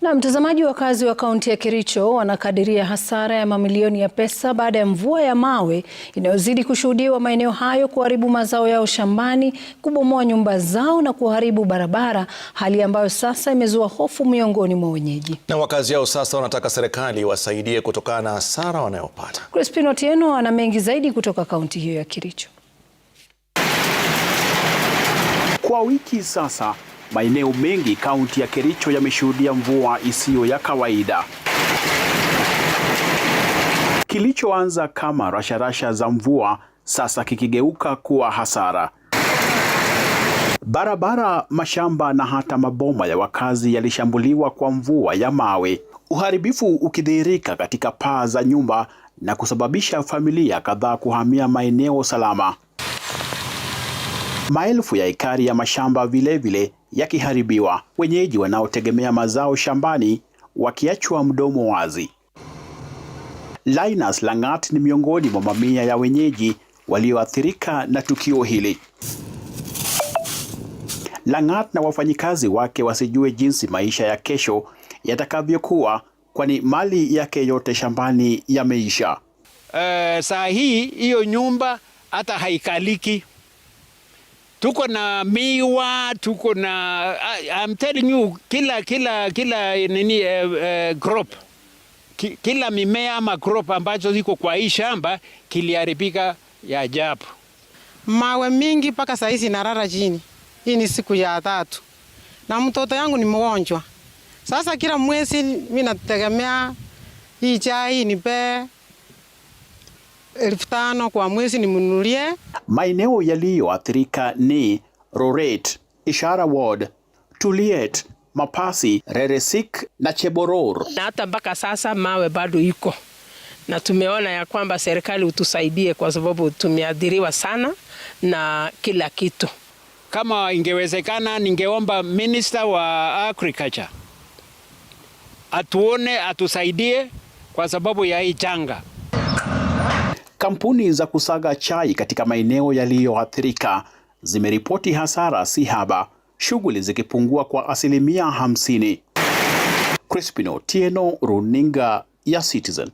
Na mtazamaji, wakazi wa kaunti ya Kericho wanakadiria hasara ya mamilioni ya pesa baada ya mvua ya mawe inayozidi kushuhudiwa maeneo hayo kuharibu mazao yao shambani, kubomoa nyumba zao na kuharibu barabara, hali ambayo sasa imezua hofu miongoni mwa wenyeji. Na wakazi hao sasa wanataka serikali wasaidie kutokana na hasara wanayopata. Crispin Otieno ana mengi zaidi kutoka kaunti hiyo ya Kericho. Kwa wiki sasa Maeneo mengi kaunti ya Kericho yameshuhudia mvua isiyo ya kawaida. Kilichoanza kama rasharasha za mvua sasa kikigeuka kuwa hasara. Barabara, mashamba na hata maboma ya wakazi yalishambuliwa kwa mvua ya mawe, uharibifu ukidhihirika katika paa za nyumba na kusababisha familia kadhaa kuhamia maeneo salama. Maelfu ya ekari ya mashamba vilevile yakiharibiwa, wenyeji wanaotegemea mazao shambani wakiachwa mdomo wazi. Linus Langat ni miongoni mwa mamia ya wenyeji walioathirika na tukio hili. Langat na wafanyikazi wake wasijue jinsi maisha ya kesho yatakavyokuwa, kwani mali yake yote shambani yameisha. Uh, saa hii hiyo nyumba hata haikaliki tuko na miwa, tuko na I, I'm telling you kila kila kila eh, nini uh, uh, crop kila mimea ama crop ambacho ziko kwa hii shamba kiliharibika ya japo mawe mingi mpaka saa hizi narara chini. Hii ni siku ya tatu na mtoto yangu ni mgonjwa sasa. Kila mwezi mimi nategemea hii chai nipe elfu tano kwa mwezi nimnunulie. Maeneo yaliyoathirika ni Roret, Ishara Ward, Tuliet, Mapasi, Reresik na Cheboror, na hata mpaka sasa mawe bado iko, na tumeona ya kwamba serikali utusaidie, kwa sababu tumeathiriwa sana na kila kitu. Kama ingewezekana, ningeomba minister wa agriculture atuone, atusaidie kwa sababu ya hii janga. Kampuni za kusaga chai katika maeneo yaliyoathirika zimeripoti hasara si haba, shughuli zikipungua kwa asilimia 50. Crispino Tieno, Runinga ya Citizen.